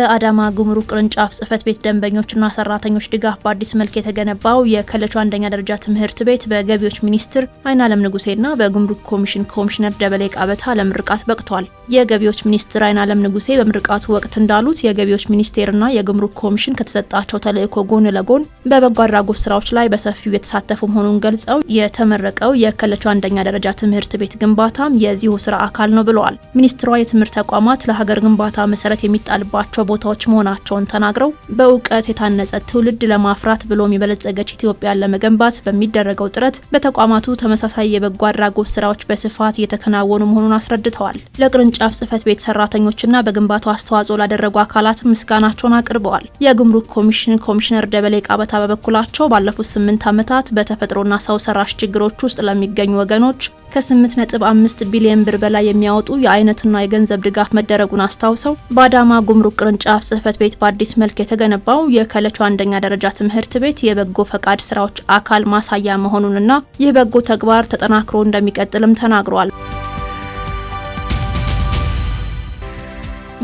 በአዳማ ጉምሩክ ቅርንጫፍ ጽህፈት ቤት ደንበኞችና ሰራተኞች ድጋፍ በአዲስ መልክ የተገነባው የከለቹ አንደኛ ደረጃ ትምህርት ቤት በገቢዎች ሚኒስትር አይናለም ንጉሴና በጉምሩክ ኮሚሽን ኮሚሽነር ደበሌ ቃበታ ለምርቃት በቅቷል። የገቢዎች ሚኒስትር አይናለም ንጉሴ በምርቃቱ ወቅት እንዳሉት የገቢዎች ሚኒስቴርና የጉምሩክ ኮሚሽን ከተሰጣቸው ተልእኮ ጎን ለጎን በበጎ አድራጎት ስራዎች ላይ በሰፊው የተሳተፉ መሆኑን ገልጸው የተመረቀው የከለቹ አንደኛ ደረጃ ትምህርት ቤት ግንባታም የዚሁ ስራ አካል ነው ብለዋል። ሚኒስትሯ የትምህርት ተቋማት ለሀገር ግንባታ መሰረት የሚጣልባቸው ቦታዎች መሆናቸውን ተናግረው በእውቀት የታነጸ ትውልድ ለማፍራት ብሎም የበለጸገች ኢትዮጵያን ለመገንባት በሚደረገው ጥረት በተቋማቱ ተመሳሳይ የበጎ አድራጎት ስራዎች በስፋት እየተከናወኑ መሆኑን አስረድተዋል። ለቅርንጫፍ ጽህፈት ቤት ሰራተኞችና በግንባታው አስተዋጽኦ ላደረጉ አካላት ምስጋናቸውን አቅርበዋል። የጉምሩክ ኮሚሽን ኮሚሽነር ደበሌ ቃበታ በበኩላቸው ባለፉት ስምንት ዓመታት በተፈጥሮና ሰው ሰራሽ ችግሮች ውስጥ ለሚገኙ ወገኖች ከ8.5 ቢሊዮን ብር በላይ የሚያወጡ የአይነትና የገንዘብ ድጋፍ መደረጉን አስታውሰው በአዳማ ጉምሩክ ቅርንጫ ቅርንጫፍ ጽህፈት ቤት በአዲስ መልክ የተገነባው የከለቹ አንደኛ ደረጃ ትምህርት ቤት የበጎ ፈቃድ ስራዎች አካል ማሳያ መሆኑንና ይህ በጎ ተግባር ተጠናክሮ እንደሚቀጥልም ተናግሯል።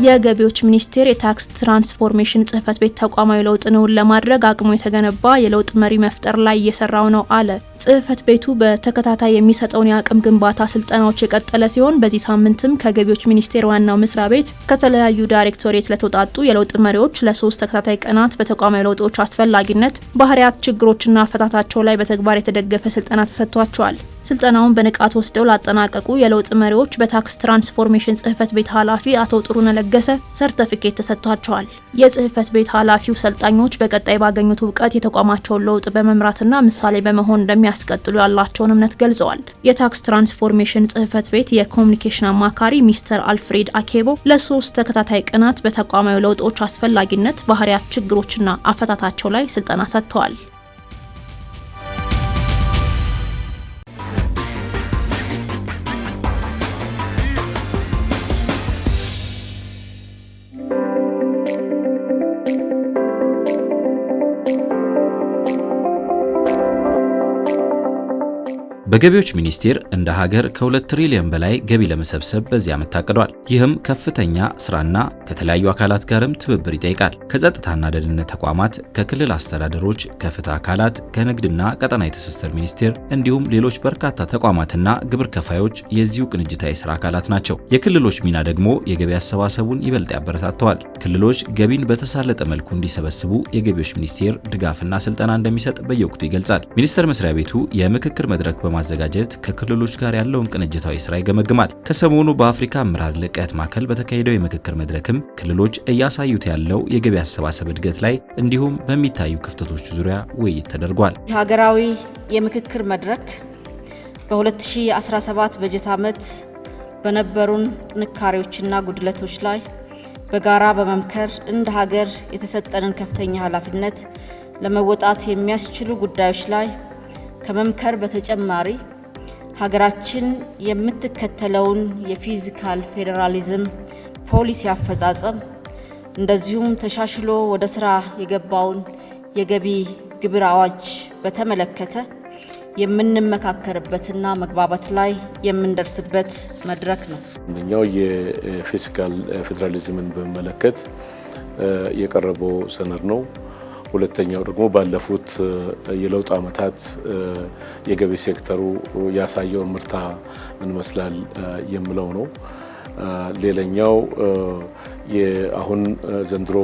የገቢዎች ሚኒስቴር የታክስ ትራንስፎርሜሽን ጽህፈት ቤት ተቋማዊ ለውጥ ንውን ለማድረግ አቅሙ የተገነባ የለውጥ መሪ መፍጠር ላይ እየሰራው ነው አለ። ጽህፈት ቤቱ በተከታታይ የሚሰጠውን የአቅም ግንባታ ስልጠናዎች የቀጠለ ሲሆን በዚህ ሳምንትም ከገቢዎች ሚኒስቴር ዋናው መስሪያ ቤት ከተለያዩ ዳይሬክቶሬት ለተውጣጡ የለውጥ መሪዎች ለሶስት ተከታታይ ቀናት በተቋማዊ ለውጦች አስፈላጊነት ባህርያት፣ ችግሮችና አፈታታቸው ላይ በተግባር የተደገፈ ስልጠና ተሰጥቷቸዋል። ስልጠናውን በንቃት ወስደው ላጠናቀቁ የለውጥ መሪዎች በታክስ ትራንስፎርሜሽን ጽህፈት ቤት ኃላፊ አቶ ጥሩነ ለገሰ ሰርተፊኬት ተሰጥቷቸዋል። የጽህፈት ቤት ኃላፊው ሰልጣኞች በቀጣይ ባገኙት እውቀት የተቋማቸውን ለውጥ በመምራትና ምሳሌ በመሆን እንደሚያስቀጥሉ ያላቸውን እምነት ገልጸዋል። የታክስ ትራንስፎርሜሽን ጽህፈት ቤት የኮሚኒኬሽን አማካሪ ሚስተር አልፍሬድ አኬቦ ለሶስት ተከታታይ ቀናት በተቋማዊ ለውጦች አስፈላጊነት ባህሪያት፣ ችግሮችና አፈታታቸው ላይ ስልጠና ሰጥተዋል። በገቢዎች ሚኒስቴር እንደ ሀገር ከ2 ትሪሊዮን በላይ ገቢ ለመሰብሰብ በዚህ ዓመት ታቅዷል። ይህም ከፍተኛ ስራና ከተለያዩ አካላት ጋርም ትብብር ይጠይቃል። ከጸጥታና ደህንነት ተቋማት፣ ከክልል አስተዳደሮች፣ ከፍትህ አካላት፣ ከንግድና ቀጠና የትስስር ሚኒስቴር እንዲሁም ሌሎች በርካታ ተቋማትና ግብር ከፋዮች የዚሁ ቅንጅታዊ ስራ አካላት ናቸው። የክልሎች ሚና ደግሞ የገቢ አሰባሰቡን ይበልጥ ያበረታተዋል። ክልሎች ገቢን በተሳለጠ መልኩ እንዲሰበስቡ የገቢዎች ሚኒስቴር ድጋፍና ስልጠና እንደሚሰጥ በየወቅቱ ይገልጻል። ሚኒስቴር መስሪያ ቤቱ የምክክር መድረክ በማ በማዘጋጀት ከክልሎች ጋር ያለውን ቅንጅታዊ ስራ ይገመግማል። ከሰሞኑ በአፍሪካ አመራር ልቀት ማዕከል በተካሄደው የምክክር መድረክም ክልሎች እያሳዩት ያለው የገቢ አሰባሰብ እድገት ላይ እንዲሁም በሚታዩ ክፍተቶች ዙሪያ ውይይት ተደርጓል። የሀገራዊ የምክክር መድረክ በ2017 በጀት ዓመት በነበሩን ጥንካሬዎችና ጉድለቶች ላይ በጋራ በመምከር እንደ ሀገር የተሰጠንን ከፍተኛ ኃላፊነት ለመወጣት የሚያስችሉ ጉዳዮች ላይ ከመምከር በተጨማሪ ሀገራችን የምትከተለውን የፊዚካል ፌዴራሊዝም ፖሊሲ አፈጻጸም እንደዚሁም ተሻሽሎ ወደ ስራ የገባውን የገቢ ግብር አዋጅ በተመለከተ የምንመካከርበትና መግባባት ላይ የምንደርስበት መድረክ ነው። አንደኛው የፊዚካል ፌዴራሊዝምን በሚመለከት የቀረበው ሰነድ ነው። ሁለተኛው ደግሞ ባለፉት የለውጥ ዓመታት የገቢ ሴክተሩ ያሳየው ምርታ ምን መስላል የሚለው ነው። ሌላኛው አሁን ዘንድሮ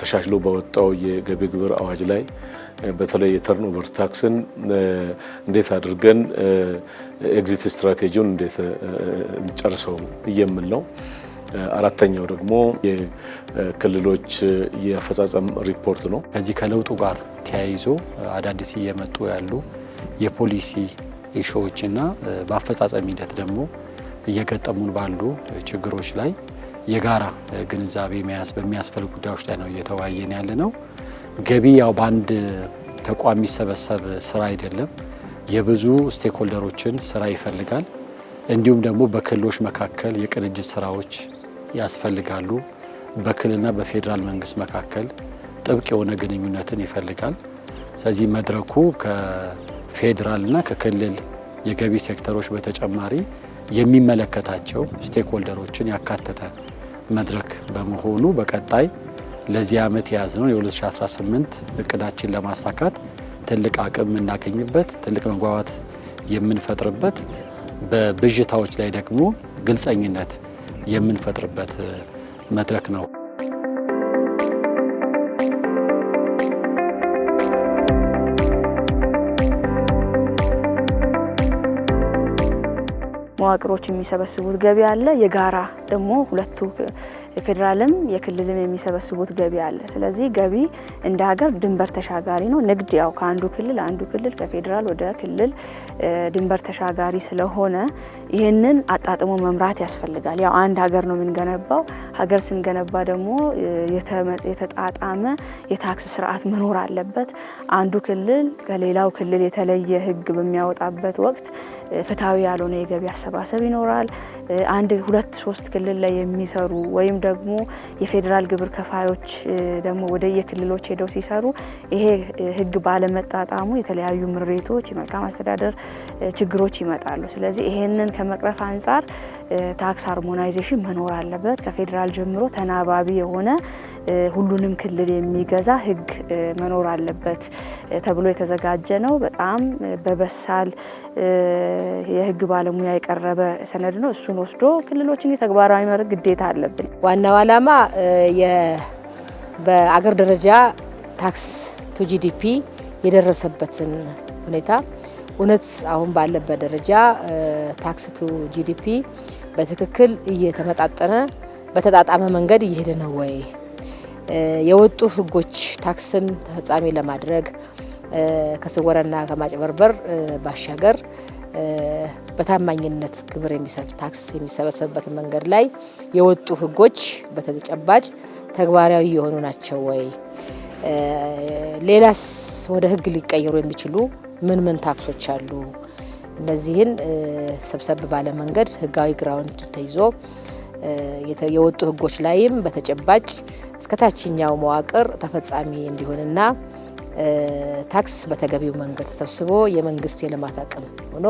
ተሻሽሎ በወጣው የገቢ ግብር አዋጅ ላይ በተለይ የተርን ታክስን እንዴት አድርገን ኤግዚት ስትራቴጂውን እንዴት ጨርሰው እየምል ነው አራተኛው ደግሞ የክልሎች የአፈጻጸም ሪፖርት ነው። ከዚህ ከለውጡ ጋር ተያይዞ አዳዲስ እየመጡ ያሉ የፖሊሲ ኢሹዎችና በአፈጻጸም ሂደት ደግሞ እየገጠሙን ባሉ ችግሮች ላይ የጋራ ግንዛቤ መያዝ በሚያስፈል ጉዳዮች ላይ ነው እየተወያየን ያለ ነው። ገቢ ያው በአንድ ተቋም የሚሰበሰብ ስራ አይደለም። የብዙ ስቴክሆልደሮችን ስራ ይፈልጋል። እንዲሁም ደግሞ በክልሎች መካከል የቅንጅት ስራዎች ያስፈልጋሉ። በክልልና በፌዴራል መንግስት መካከል ጥብቅ የሆነ ግንኙነትን ይፈልጋል። ስለዚህ መድረኩ ከፌዴራልና ከክልል የገቢ ሴክተሮች በተጨማሪ የሚመለከታቸው ስቴክሆልደሮችን ያካተተ መድረክ በመሆኑ በቀጣይ ለዚህ ዓመት የያዝነውን የ2018 እቅዳችን ለማሳካት ትልቅ አቅም የምናገኝበት ትልቅ መግባባት የምንፈጥርበት በብዥታዎች ላይ ደግሞ ግልጸኝነት የምንፈጥርበት መድረክ ነው። መዋቅሮች የሚሰበስቡት ገቢ አለ። የጋራ ደግሞ ሁለቱ የፌዴራልም የክልልም የሚሰበስቡት ገቢ አለ። ስለዚህ ገቢ እንደ ሀገር ድንበር ተሻጋሪ ነው። ንግድ ያው ከአንዱ ክልል አንዱ ክልል ከፌዴራል ወደ ክልል ድንበር ተሻጋሪ ስለሆነ ይህንን አጣጥሞ መምራት ያስፈልጋል። ያው አንድ ሀገር ነው የምንገነባው። ሀገር ስንገነባ ደግሞ የተጣጣመ የታክስ ስርዓት መኖር አለበት። አንዱ ክልል ከሌላው ክልል የተለየ ህግ በሚያወጣበት ወቅት ፍትሐዊ ያልሆነ የገቢ አሰባሰብ ይኖራል። አንድ ሁለት ሶስት ክልል ላይ የሚሰሩ ወይም ደግሞ የፌዴራል ግብር ከፋዮች ደግሞ ወደ የክልሎች ሄደው ሲሰሩ ይሄ ህግ ባለመጣጣሙ የተለያዩ ምሬቶች፣ የመልካም አስተዳደር ችግሮች ይመጣሉ። ስለዚህ ይሄንን ከመቅረፍ አንጻር ታክስ ሃርሞናይዜሽን መኖር አለበት። ከፌዴራል ጀምሮ ተናባቢ የሆነ ሁሉንም ክልል የሚገዛ ህግ መኖር አለበት ተብሎ የተዘጋጀ ነው። በጣም በበሳል የህግ ባለሙያ የቀረበ ሰነድ ነው። እሱን ወስዶ ክልሎችን ተግባራዊ መድረግ ግዴታ አለብን። ዋናው ዓላማ በአገር ደረጃ ታክስ ቱ ጂዲፒ የደረሰበትን ሁኔታ እውነት አሁን ባለበት ደረጃ ታክስ ቱ ጂዲፒ በትክክል እየተመጣጠነ በተጣጣመ መንገድ እየሄደ ነው ወይ? የወጡ ህጎች ታክስን ተፈጻሚ ለማድረግ ከስወረና ከማጭበርበር ባሻገር በታማኝነት ግብር ታክስ የሚሰበሰብበት መንገድ ላይ የወጡ ህጎች በተጨባጭ ተግባራዊ የሆኑ ናቸው ወይ? ሌላስ ወደ ህግ ሊቀየሩ የሚችሉ ምን ምን ታክሶች አሉ? እነዚህን ሰብሰብ ባለ መንገድ ህጋዊ ግራውንድ ተይዞ የወጡ ህጎች ላይም በተጨባጭ እስከ ታችኛው መዋቅር ተፈጻሚ እንዲሆንና ታክስ በተገቢው መንገድ ተሰብስቦ የመንግስት የልማት አቅም ሆኖ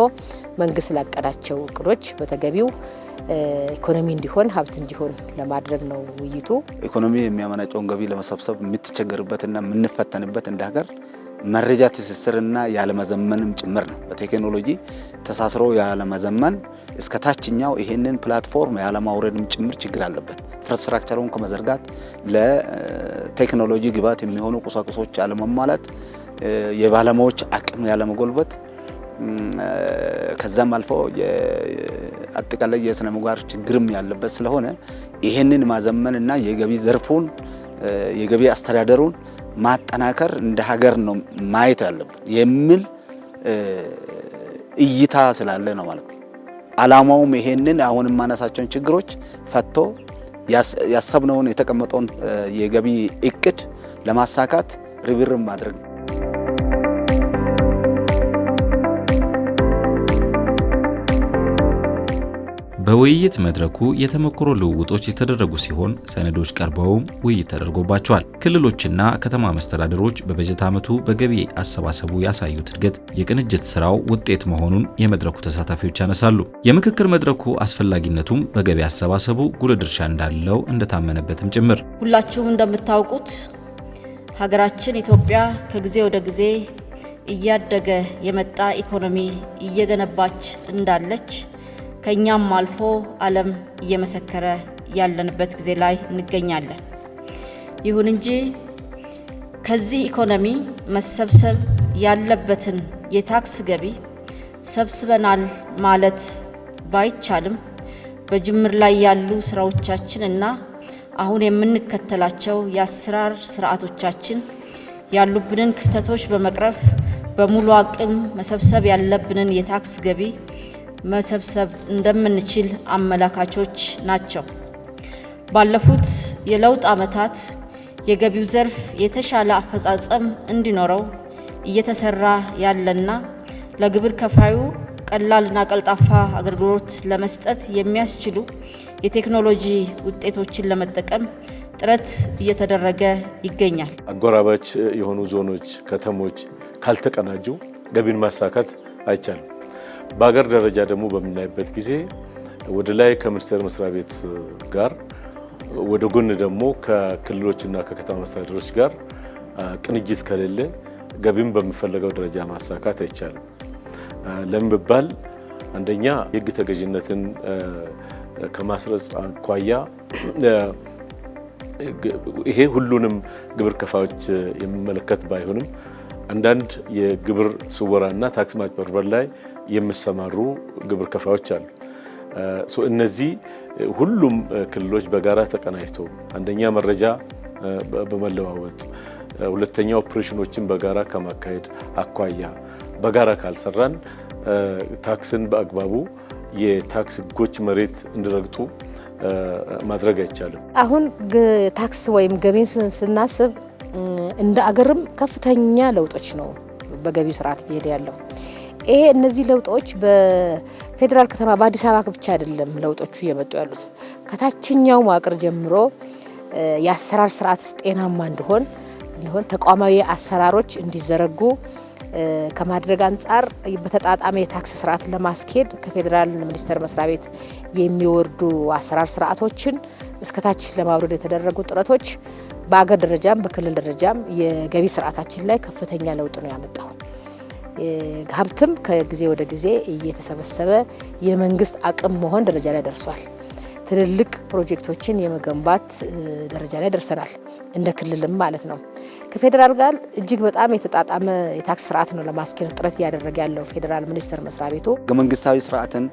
መንግስት ላቀዳቸው እቅዶች በተገቢው ኢኮኖሚ እንዲሆን ሀብት እንዲሆን ለማድረግ ነው ውይይቱ። ኢኮኖሚ የሚያመናጨውን ገቢ ለመሰብሰብ የምትቸገርበትና የምንፈተንበት እንደ ሀገር መረጃ ትስስርና ያለመዘመንም ጭምር ነው። በቴክኖሎጂ ተሳስሮ ያለመዘመን እስከ ታችኛው ይሄንን ፕላትፎርም ያለማውረድም ጭምር ችግር አለብን። ኢንፍራስትራክቸሩን ከመዘርጋት ለቴክኖሎጂ ግብዓት የሚሆኑ ቁሳቁሶች አለመሟላት፣ የባለሙያዎች አቅም ያለመጎልበት፣ ከዛም አልፎ አጠቃላይ የስነ ምግባር ችግርም ያለበት ስለሆነ ይሄንን ማዘመንና የገቢ ዘርፉን የገቢ አስተዳደሩን ማጠናከር እንደ ሀገር ነው ማየት ያለብን የሚል እይታ ስላለ ነው ማለት ነው። አላማውም ይሄንን አሁን የማነሳቸውን ችግሮች ፈቶ ያሰብነውን የተቀመጠውን የገቢ እቅድ ለማሳካት ርብርብ ማድረግ ነው። በውይይት መድረኩ የተሞክሮ ልውውጦች የተደረጉ ሲሆን ሰነዶች ቀርበውም ውይይት ተደርጎባቸዋል። ክልሎችና ከተማ መስተዳደሮች በበጀት ዓመቱ በገቢ አሰባሰቡ ያሳዩት እድገት የቅንጅት ስራው ውጤት መሆኑን የመድረኩ ተሳታፊዎች ያነሳሉ። የምክክር መድረኩ አስፈላጊነቱም በገቢ አሰባሰቡ ጉልህ ድርሻ እንዳለው እንደታመነበትም ጭምር። ሁላችሁም እንደምታውቁት ሀገራችን ኢትዮጵያ ከጊዜ ወደ ጊዜ እያደገ የመጣ ኢኮኖሚ እየገነባች እንዳለች ከእኛም አልፎ ዓለም እየመሰከረ ያለንበት ጊዜ ላይ እንገኛለን። ይሁን እንጂ ከዚህ ኢኮኖሚ መሰብሰብ ያለበትን የታክስ ገቢ ሰብስበናል ማለት ባይቻልም በጅምር ላይ ያሉ ስራዎቻችን እና አሁን የምንከተላቸው የአሰራር ስርዓቶቻችን ያሉብንን ክፍተቶች በመቅረፍ በሙሉ አቅም መሰብሰብ ያለብንን የታክስ ገቢ መሰብሰብ እንደምንችል አመላካቾች ናቸው። ባለፉት የለውጥ ዓመታት የገቢው ዘርፍ የተሻለ አፈጻጸም እንዲኖረው እየተሰራ ያለና ለግብር ከፋዩ ቀላልና ቀልጣፋ አገልግሎት ለመስጠት የሚያስችሉ የቴክኖሎጂ ውጤቶችን ለመጠቀም ጥረት እየተደረገ ይገኛል። አጎራባች የሆኑ ዞኖች፣ ከተሞች ካልተቀናጁ ገቢን ማሳካት አይቻልም። በሀገር ደረጃ ደግሞ በምናይበት ጊዜ ወደ ላይ ከሚኒስቴር መስሪያ ቤት ጋር ወደ ጎን ደግሞ ከክልሎችና ከከተማ መስተዳደሮች ጋር ቅንጅት ከሌለ ገቢም በሚፈለገው ደረጃ ማሳካት አይቻልም። ለምን ቢባል አንደኛ የህግ ተገዥነትን ከማስረጽ አኳያ ይሄ ሁሉንም ግብር ከፋዮች የሚመለከት ባይሆንም አንዳንድ የግብር ስወራና ታክስ ማጭበርበር ላይ የሚሰማሩ ግብር ከፋዮች አሉ። እነዚህ ሁሉም ክልሎች በጋራ ተቀናጅቶ አንደኛ መረጃ በመለዋወጥ ሁለተኛ ኦፕሬሽኖችን በጋራ ከማካሄድ አኳያ በጋራ ካልሰራን ታክስን በአግባቡ የታክስ ጎች መሬት እንዲረግጡ ማድረግ አይቻልም። አሁን ታክስ ወይም ገቢን ስናስብ እንደ አገርም ከፍተኛ ለውጦች ነው በገቢ ስርዓት እየሄደ ያለው። ይሄ እነዚህ ለውጦች በፌዴራል ከተማ በአዲስ አበባ ብቻ አይደለም ለውጦቹ እየመጡ ያሉት። ከታችኛው መዋቅር ጀምሮ የአሰራር ስርዓት ጤናማ እንዲሆን እንዲሆን ተቋማዊ አሰራሮች እንዲዘረጉ ከማድረግ አንጻር በተጣጣመ የታክስ ስርዓት ለማስኬድ ከፌዴራል ሚኒስቴር መስሪያ ቤት የሚወርዱ አሰራር ስርዓቶችን እስከታች ለማውረድ የተደረጉ ጥረቶች በአገር ደረጃም በክልል ደረጃም የገቢ ስርዓታችን ላይ ከፍተኛ ለውጥ ነው ያመጣው። ሀብትም ከጊዜ ወደ ጊዜ እየተሰበሰበ የመንግስት አቅም መሆን ደረጃ ላይ ደርሷል። ትልልቅ ፕሮጀክቶችን የመገንባት ደረጃ ላይ ደርሰናል፣ እንደ ክልልም ማለት ነው። ከፌዴራል ጋር እጅግ በጣም የተጣጣመ የታክስ ስርዓት ነው ለማስኬድ ጥረት እያደረገ ያለው ፌዴራል ሚኒስቴር መስሪያ ቤቱ። ህገ መንግስታዊ ስርዓትን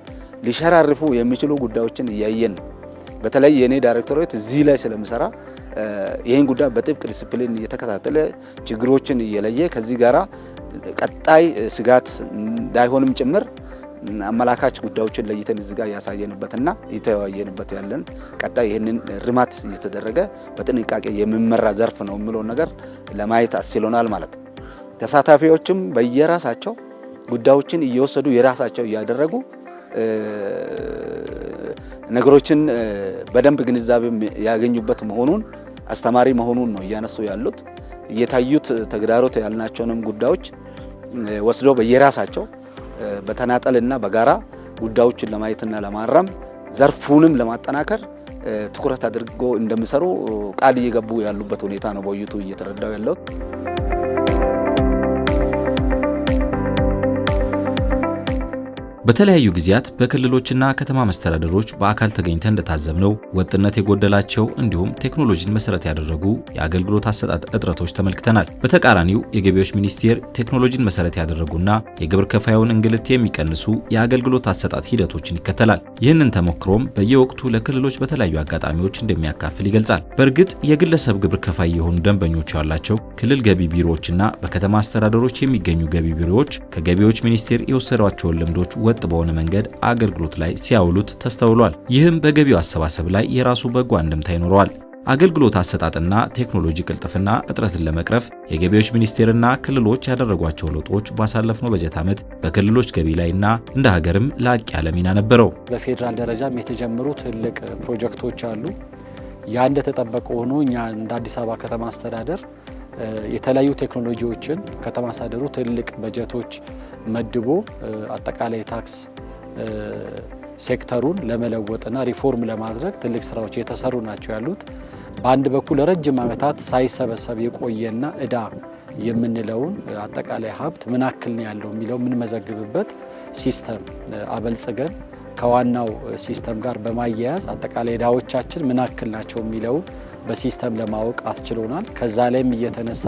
ሊሸራርፉ የሚችሉ ጉዳዮችን እያየን በተለይ የእኔ ዳይሬክተሮች እዚህ ላይ ስለምሰራ ይህን ጉዳይ በጥብቅ ዲስፕሊን እየተከታተለ ችግሮችን እየለየ ከዚህ ጋራ ቀጣይ ስጋት እንዳይሆንም ጭምር አመላካች ጉዳዮችን ለይተን እዚህ ጋር እያሳየንበትና እየተወያየንበት ያለን ቀጣይ ይህንን ርማት እየተደረገ በጥንቃቄ የሚመራ ዘርፍ ነው የሚለውን ነገር ለማየት አስችሎናል ማለት ነው። ተሳታፊዎችም በየራሳቸው ጉዳዮችን እየወሰዱ የራሳቸው እያደረጉ ነገሮችን በደንብ ግንዛቤ ያገኙበት መሆኑን አስተማሪ መሆኑን ነው እያነሱ ያሉት። እየታዩት ተግዳሮት ያልናቸውንም ጉዳዮች ወስደው በየራሳቸው በተናጠልና በጋራ ጉዳዮችን ለማየትና ለማረም ዘርፉንም ለማጠናከር ትኩረት አድርጎ እንደሚሰሩ ቃል እየገቡ ያሉበት ሁኔታ ነው በውይይቱ እየተረዳው ያለው። በተለያዩ ጊዜያት በክልሎችና ከተማ መስተዳደሮች በአካል ተገኝተን እንደታዘብነው ወጥነት የጎደላቸው እንዲሁም ቴክኖሎጂን መሰረት ያደረጉ የአገልግሎት አሰጣጥ እጥረቶች ተመልክተናል። በተቃራኒው የገቢዎች ሚኒስቴር ቴክኖሎጂን መሰረት ያደረጉና የግብር ከፋዩን እንግልት የሚቀንሱ የአገልግሎት አሰጣጥ ሂደቶችን ይከተላል። ይህንን ተሞክሮም በየወቅቱ ለክልሎች በተለያዩ አጋጣሚዎች እንደሚያካፍል ይገልጻል። በእርግጥ የግለሰብ ግብር ከፋይ የሆኑ ደንበኞች ያላቸው ክልል ገቢ ቢሮዎችና በከተማ አስተዳደሮች የሚገኙ ገቢ ቢሮዎች ከገቢዎች ሚኒስቴር የወሰዷቸውን ልምዶች ወ ወጥ በሆነ መንገድ አገልግሎት ላይ ሲያውሉት ተስተውሏል። ይህም በገቢው አሰባሰብ ላይ የራሱ በጎ አንድምታ ይኖረዋል። አገልግሎት አሰጣጥና ቴክኖሎጂ ቅልጥፍና እጥረትን ለመቅረፍ የገቢዎች ሚኒስቴርና ክልሎች ያደረጓቸው ለውጦች ባሳለፍነው በጀት ዓመት በክልሎች ገቢ ላይና እንደ ሀገርም ላቅ ያለ ሚና ነበረው። በፌዴራል ደረጃም የተጀመሩ ትልቅ ፕሮጀክቶች አሉ። ያ እንደተጠበቀ ሆኖ እኛ እንደ አዲስ አበባ ከተማ አስተዳደር የተለያዩ ቴክኖሎጂዎችን ከተማ አስተዳደሩ ትልቅ በጀቶች መድቦ አጠቃላይ ታክስ ሴክተሩን ለመለወጥና ሪፎርም ለማድረግ ትልቅ ስራዎች የተሰሩ ናቸው ያሉት። በአንድ በኩል ረጅም ዓመታት ሳይሰበሰብ የቆየና እዳ የምንለውን አጠቃላይ ሀብት ምን አክል ነው ያለው የሚለው የምንመዘግብበት ሲስተም አበልጽገን ከዋናው ሲስተም ጋር በማያያዝ አጠቃላይ እዳዎቻችን ምን አክል ናቸው የሚለውን በሲስተም ለማወቅ አስችሎናል። ከዛ ላይም እየተነሳ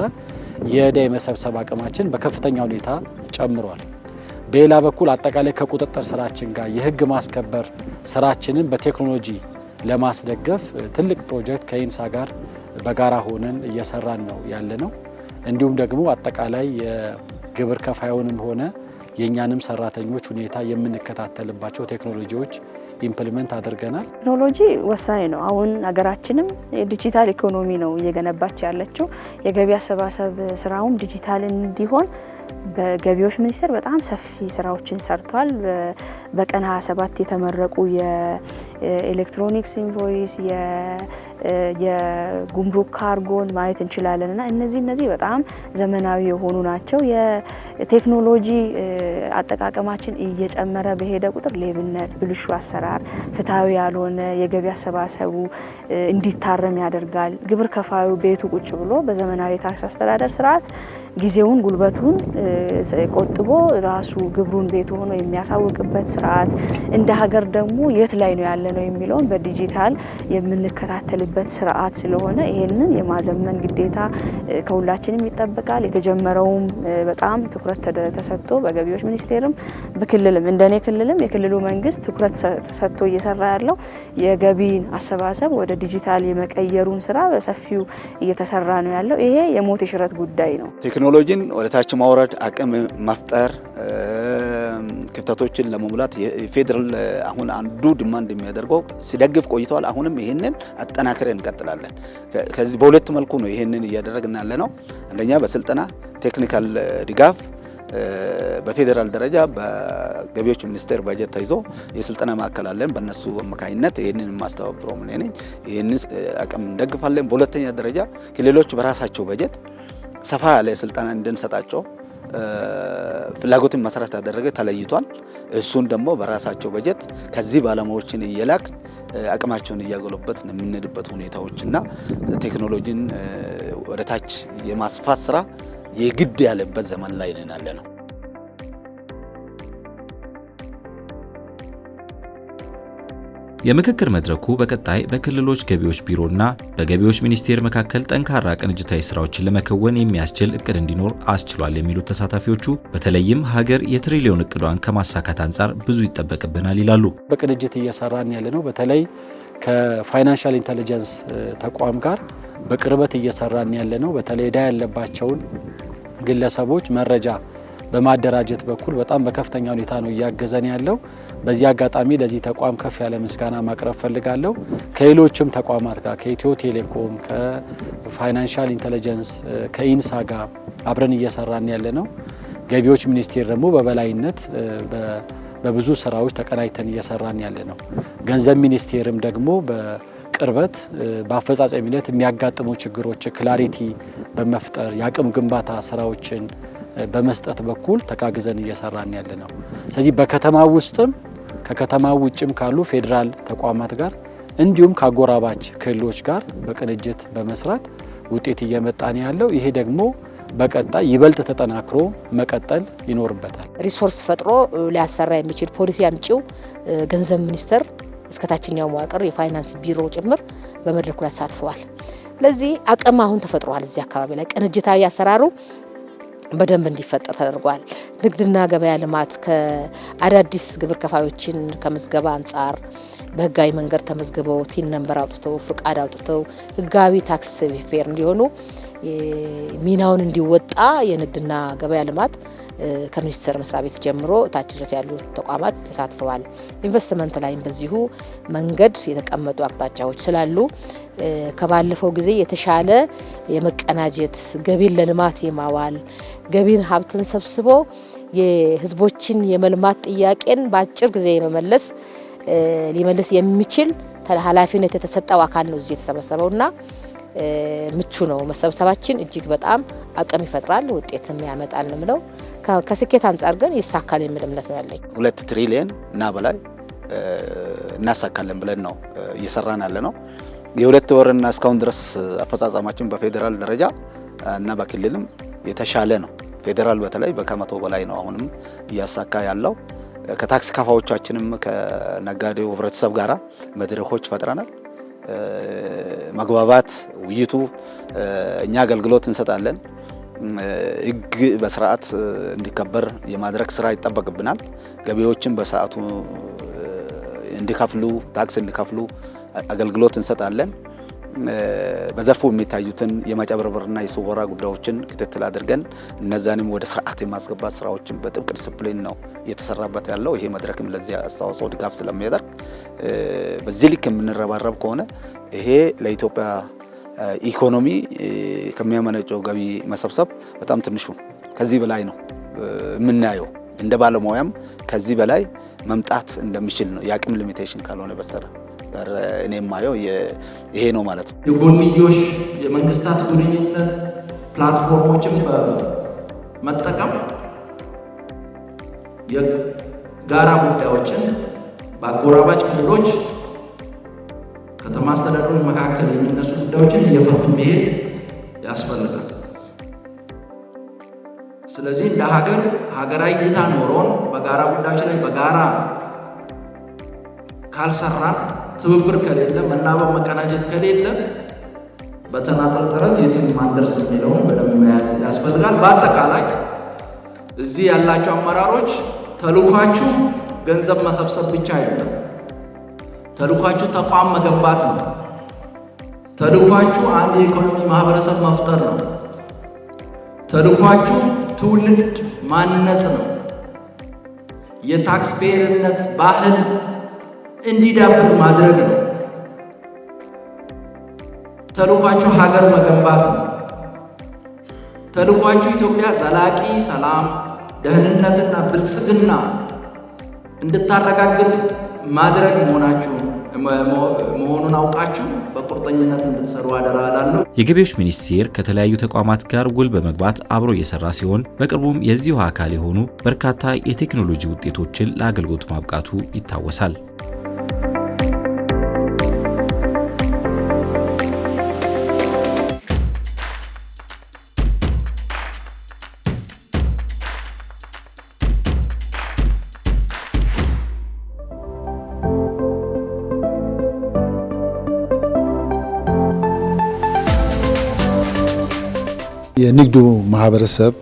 የዕዳ የመሰብሰብ አቅማችን በከፍተኛ ሁኔታ ጨምሯል። በሌላ በኩል አጠቃላይ ከቁጥጥር ስራችን ጋር የህግ ማስከበር ስራችንን በቴክኖሎጂ ለማስደገፍ ትልቅ ፕሮጀክት ከኢንሳ ጋር በጋራ ሆነን እየሰራን ነው ያለ ነው። እንዲሁም ደግሞ አጠቃላይ የግብር ከፋዩንም ሆነ የእኛንም ሰራተኞች ሁኔታ የምንከታተልባቸው ቴክኖሎጂዎች ኢምፕሊመንት አድርገናል። ቴክኖሎጂ ወሳኝ ነው። አሁን ሀገራችንም ዲጂታል ኢኮኖሚ ነው እየገነባች ያለችው። የገቢ አሰባሰብ ስራውም ዲጂታል እንዲሆን በገቢዎች ሚኒስቴር በጣም ሰፊ ስራዎችን ሰርቷል። በቀን 27 የተመረቁ የኤሌክትሮኒክስ ኢንቮይስ የጉምሩክ ካርጎን ማየት እንችላለን እና እነዚህ እነዚህ በጣም ዘመናዊ የሆኑ ናቸው። የቴክኖሎጂ አጠቃቀማችን እየጨመረ በሄደ ቁጥር ሌብነት፣ ብልሹ አሰራር፣ ፍትሐዊ ያልሆነ የገቢ አሰባሰቡ እንዲታረም ያደርጋል። ግብር ከፋዩ ቤቱ ቁጭ ብሎ በዘመናዊ የታክስ አስተዳደር ስርዓት ጊዜውን ጉልበቱን ቆጥቦ ራሱ ግብሩን ቤቱ ሆኖ የሚያሳውቅበት ስርዓት እንደ ሀገር ደግሞ የት ላይ ነው ያለ ነው የሚለውን በዲጂታል የምንከታተል የሚያልፍበት ስርዓት ስለሆነ ይህንን የማዘመን ግዴታ ከሁላችንም ይጠበቃል። የተጀመረውም በጣም ትኩረት ተሰጥቶ በገቢዎች ሚኒስቴርም በክልልም እንደኔ ክልልም የክልሉ መንግስት ትኩረት ሰጥቶ እየሰራ ያለው የገቢን አሰባሰብ ወደ ዲጂታል የመቀየሩን ስራ በሰፊው እየተሰራ ነው ያለው። ይሄ የሞት የሽረት ጉዳይ ነው። ቴክኖሎጂን ወደታች ማውረድ አቅም መፍጠር ክፍተቶችን ለመሙላት ፌዴራል አሁን አንዱ ዲማንድ የሚያደርገው ሲደግፍ ቆይተዋል። አሁንም ይህንን አጠናክረን እንቀጥላለን። ከዚህ በሁለት መልኩ ነው ይህንን እያደረግን ያለ ነው። አንደኛ በስልጠና ቴክኒካል ድጋፍ በፌዴራል ደረጃ በገቢዎች ሚኒስቴር በጀት ተይዞ የስልጠና ማዕከል አለን። በእነሱ አማካኝነት ይህንን የማስተባብረው ምን ነኝ ይህን አቅም እንደግፋለን። በሁለተኛ ደረጃ ክልሎች በራሳቸው በጀት ሰፋ ያለ ስልጠና እንድንሰጣቸው ፍላጎትን መሰረት ያደረገ ተለይቷል። እሱን ደግሞ በራሳቸው በጀት ከዚህ ባለሙያዎችን እየላክ አቅማቸውን እያጎለበት የምንሄድበት ሁኔታዎች እና ቴክኖሎጂን ወደታች የማስፋት ስራ የግድ ያለበት ዘመን ላይ ያለ ነው። የምክክር መድረኩ በቀጣይ በክልሎች ገቢዎች ቢሮና በገቢዎች ሚኒስቴር መካከል ጠንካራ ቅንጅታዊ ስራዎችን ለመከወን የሚያስችል እቅድ እንዲኖር አስችሏል የሚሉት ተሳታፊዎቹ በተለይም ሀገር የትሪሊዮን እቅዷን ከማሳካት አንጻር ብዙ ይጠበቅብናል ይላሉ። በቅንጅት እየሰራን ያለ ነው። በተለይ ከፋይናንሻል ኢንተለጀንስ ተቋም ጋር በቅርበት እየሰራን ያለ ነው። በተለይ ዕዳ ያለባቸውን ግለሰቦች መረጃ በማደራጀት በኩል በጣም በከፍተኛ ሁኔታ ነው እያገዘን ያለው። በዚህ አጋጣሚ ለዚህ ተቋም ከፍ ያለ ምስጋና ማቅረብ ፈልጋለሁ። ከሌሎችም ተቋማት ጋር ከኢትዮ ቴሌኮም፣ ከፋይናንሻል ኢንቴሊጀንስ፣ ከኢንሳ ጋር አብረን እየሰራን ያለ ነው። ገቢዎች ሚኒስቴር ደግሞ በበላይነት በብዙ ስራዎች ተቀናጅተን እየሰራን ያለ ነው። ገንዘብ ሚኒስቴርም ደግሞ ቅርበት በአፈጻጸሚነት የሚያጋጥሙ ችግሮች ክላሪቲ በመፍጠር የአቅም ግንባታ ስራዎችን በመስጠት በኩል ተጋግዘን እየሰራን ያለ ነው። ስለዚህ በከተማ ውስጥም ከከተማ ውጭም ካሉ ፌዴራል ተቋማት ጋር እንዲሁም ከአጎራባች ክልሎች ጋር በቅንጅት በመስራት ውጤት እየመጣን ያለው ይሄ ደግሞ በቀጣይ ይበልጥ ተጠናክሮ መቀጠል ይኖርበታል። ሪሶርስ ፈጥሮ ሊያሰራ የሚችል ፖሊሲ አምጪው ገንዘብ ሚኒስቴር እስከ ታችኛው መዋቅር የፋይናንስ ቢሮ ጭምር በመድረኩ ላይ ተሳትፈዋል። ስለዚህ አቅም አሁን ተፈጥሯል። እዚህ አካባቢ ላይ ቅንጅታዊ አሰራሩ በደንብ እንዲፈጠር ተደርጓል። ንግድና ገበያ ልማት ከአዳዲስ ግብር ከፋዮችን ከምዝገባ አንጻር በህጋዊ መንገድ ተመዝግበው ቲን ነንበር አውጥተው ፍቃድ አውጥተው ህጋዊ ታክስ ፔር እንዲሆኑ ሚናውን እንዲወጣ የንግድና ገበያ ልማት ከሚኒስቴር መስሪያ ቤት ጀምሮ ታች ድረስ ያሉ ተቋማት ተሳትፈዋል። ኢንቨስትመንት ላይም በዚሁ መንገድ የተቀመጡ አቅጣጫዎች ስላሉ ከባለፈው ጊዜ የተሻለ የመቀናጀት ገቢን ለልማት የማዋል ገቢን ሀብትን ሰብስቦ የህዝቦችን የመልማት ጥያቄን በአጭር ጊዜ የመመለስ ሊመልስ የሚችል ኃላፊነት የተሰጠው አካል ነው እዚህ የተሰበሰበው እና። ምቹ ነው። መሰብሰባችን እጅግ በጣም አቅም ይፈጥራል፣ ውጤትም ያመጣል ምለው ከስኬት አንጻር ግን ይሳካል የሚል እምነት ነው ያለኝ። ሁለት ትሪሊየን እና በላይ እናሳካለን ብለን ነው እየሰራን ያለ ነው። የሁለት ወርና እስካሁን ድረስ አፈጻጸማችን በፌዴራል ደረጃ እና በክልልም የተሻለ ነው። ፌዴራል በተለይ በከመቶ በላይ ነው አሁንም እያሳካ ያለው። ከታክስ ከፋዎቻችንም ከነጋዴው ህብረተሰብ ጋራ መድረኮች ፈጥረናል። መግባባት ውይይቱ እኛ አገልግሎት እንሰጣለን ህግ በስርዓት እንዲከበር የማድረግ ስራ ይጠበቅብናል። ገቢዎችን በሰዓቱ እንዲከፍሉ ታክስ እንዲከፍሉ አገልግሎት እንሰጣለን። በዘርፉ የሚታዩትን የማጨበርበርና የስወራ ጉዳዮችን ክትትል አድርገን እነዛንም ወደ ስርዓት የማስገባት ስራዎችን በጥብቅ ዲስፕሊን ነው እየተሰራበት ያለው። ይሄ መድረክም ለዚህ አስተዋጽኦ ድጋፍ ስለሚያደርግ በዚህ ልክ የምንረባረብ ከሆነ ይሄ ለኢትዮጵያ ኢኮኖሚ ከሚያመነጨው ገቢ መሰብሰብ በጣም ትንሹ ከዚህ በላይ ነው የምናየው። እንደ ባለሙያም ከዚህ በላይ መምጣት እንደሚችል ነው የአቅም ሊሚቴሽን ካልሆነ በስተቀር እኔ የማየው ይሄ ነው ማለት ነው። የጎንዮሽ የመንግስታት ግንኙነት ፕላትፎርሞችን በመጠቀም የጋራ ጉዳዮችን በአጎራባች ክልሎች ከተማ አስተዳደሮች መካከል የሚነሱ ጉዳዮችን እየፈቱ መሄድ ያስፈልጋል። ስለዚህ እንደ ሀገር ሀገራዊ እይታ ኖሮን በጋራ ጉዳዮች ላይ በጋራ ካልሰራን፣ ትብብር ከሌለ፣ መናበብ መቀናጀት ከሌለ በተናጠል ጥረት የትም ማንደርስ የሚለውን በደንብ መያዝ ያስፈልጋል። በአጠቃላይ እዚህ ያላቸው አመራሮች ተልኳችሁ ገንዘብ መሰብሰብ ብቻ አይደለም። ተልኳችሁ ተቋም መገንባት ነው። ተልኳችሁ አንድ የኢኮኖሚ ማህበረሰብ መፍጠር ነው። ተልኳችሁ ትውልድ ማነጽ ነው። የታክስ ፔርነት ባህል እንዲዳብር ማድረግ ነው። ተልኳችሁ ሀገር መገንባት ነው። ተልኳችሁ ኢትዮጵያ ዘላቂ ሰላም፣ ደህንነትና ብልጽግና እንድታረጋግጥ ማድረግ መሆናችሁ መሆኑን አውቃችሁ በቁርጠኝነት እንድትሰሩ አደራ እላለሁ። የገቢዎች ሚኒስቴር ከተለያዩ ተቋማት ጋር ውል በመግባት አብሮ እየሰራ ሲሆን በቅርቡም የዚሁ አካል የሆኑ በርካታ የቴክኖሎጂ ውጤቶችን ለአገልግሎት ማብቃቱ ይታወሳል። የንግዱ ማህበረሰብ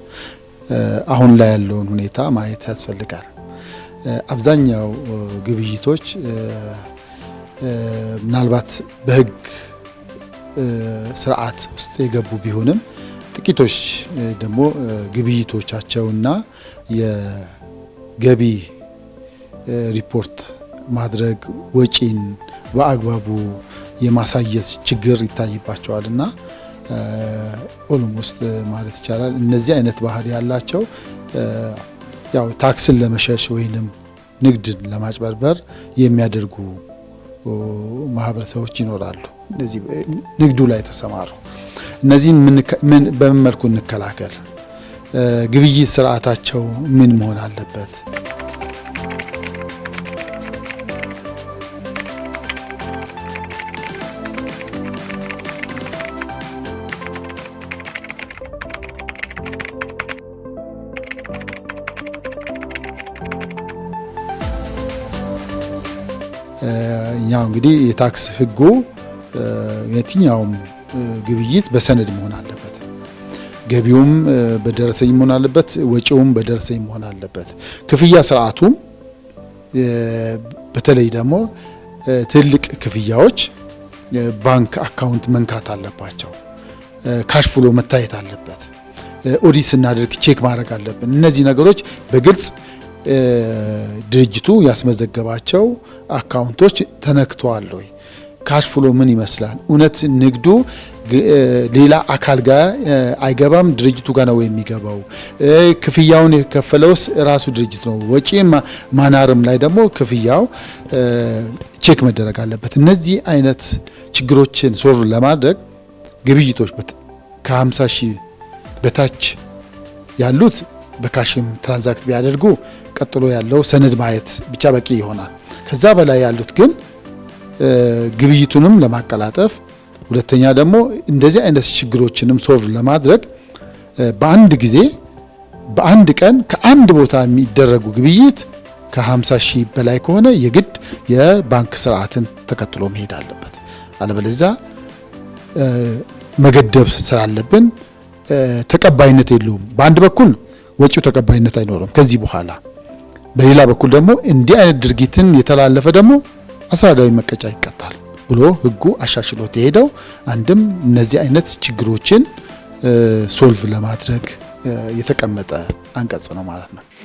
አሁን ላይ ያለውን ሁኔታ ማየት ያስፈልጋል። አብዛኛው ግብይቶች ምናልባት በህግ ስርዓት ውስጥ የገቡ ቢሆንም ጥቂቶች ደግሞ ግብይቶቻቸውና የገቢ ሪፖርት ማድረግ ወጪን በአግባቡ የማሳየት ችግር ይታይባቸዋል እና ኦሎም ውስጥ ማለት ይቻላል እነዚህ አይነት ባህሪ ያላቸው ያው ታክስን ለመሸሽ ወይንም ንግድን ለማጭበርበር የሚያደርጉ ማህበረሰቦች ይኖራሉ። እነዚህ ንግዱ ላይ ተሰማሩ። እነዚህን በምን መልኩ እንከላከል? ግብይት ስርዓታቸው ምን መሆን አለበት? ያው እንግዲህ የታክስ ህጉ የትኛውም ግብይት በሰነድ መሆን አለበት። ገቢውም በደረሰኝ መሆን አለበት። ወጪውም በደረሰኝ መሆን አለበት። ክፍያ ስርዓቱም በተለይ ደግሞ ትልቅ ክፍያዎች ባንክ አካውንት መንካት አለባቸው። ካሽ ፍሎ መታየት አለበት። ኦዲት ስናደርግ ቼክ ማድረግ አለብን። እነዚህ ነገሮች በግልጽ ድርጅቱ ያስመዘገባቸው አካውንቶች ተነክተዋል ወይ? ካሽ ፍሎ ምን ይመስላል? እውነት ንግዱ ሌላ አካል ጋር አይገባም፣ ድርጅቱ ጋር ነው የሚገባው? ክፍያውን የከፈለውስ ራሱ ድርጅት ነው? ወጪ ማናርም ላይ ደግሞ ክፍያው ቼክ መደረግ አለበት። እነዚህ አይነት ችግሮችን ሶልቭ ለማድረግ ግብይቶች ከ50 ሺህ በታች ያሉት በካሽም ትራንዛክት ቢያደርጉ ቀጥሎ ያለው ሰነድ ማየት ብቻ በቂ ይሆናል። ከዛ በላይ ያሉት ግን ግብይቱንም ለማቀላጠፍ ሁለተኛ ደግሞ እንደዚህ አይነት ችግሮችንም ሶልቭ ለማድረግ በአንድ ጊዜ በአንድ ቀን ከአንድ ቦታ የሚደረጉ ግብይት ከ50 ሺህ በላይ ከሆነ የግድ የባንክ ስርዓትን ተከትሎ መሄድ አለበት። አለበለዚያ መገደብ ስላለብን ተቀባይነት የለውም። በአንድ በኩል ወጪው ተቀባይነት አይኖርም ከዚህ በኋላ። በሌላ በኩል ደግሞ እንዲህ አይነት ድርጊትን የተላለፈ ደግሞ አስተዳደራዊ መቀጫ ይቀጣል ብሎ ህጉ አሻሽሎት የሄደው አንድም እነዚህ አይነት ችግሮችን ሶልቭ ለማድረግ የተቀመጠ አንቀጽ ነው ማለት ነው።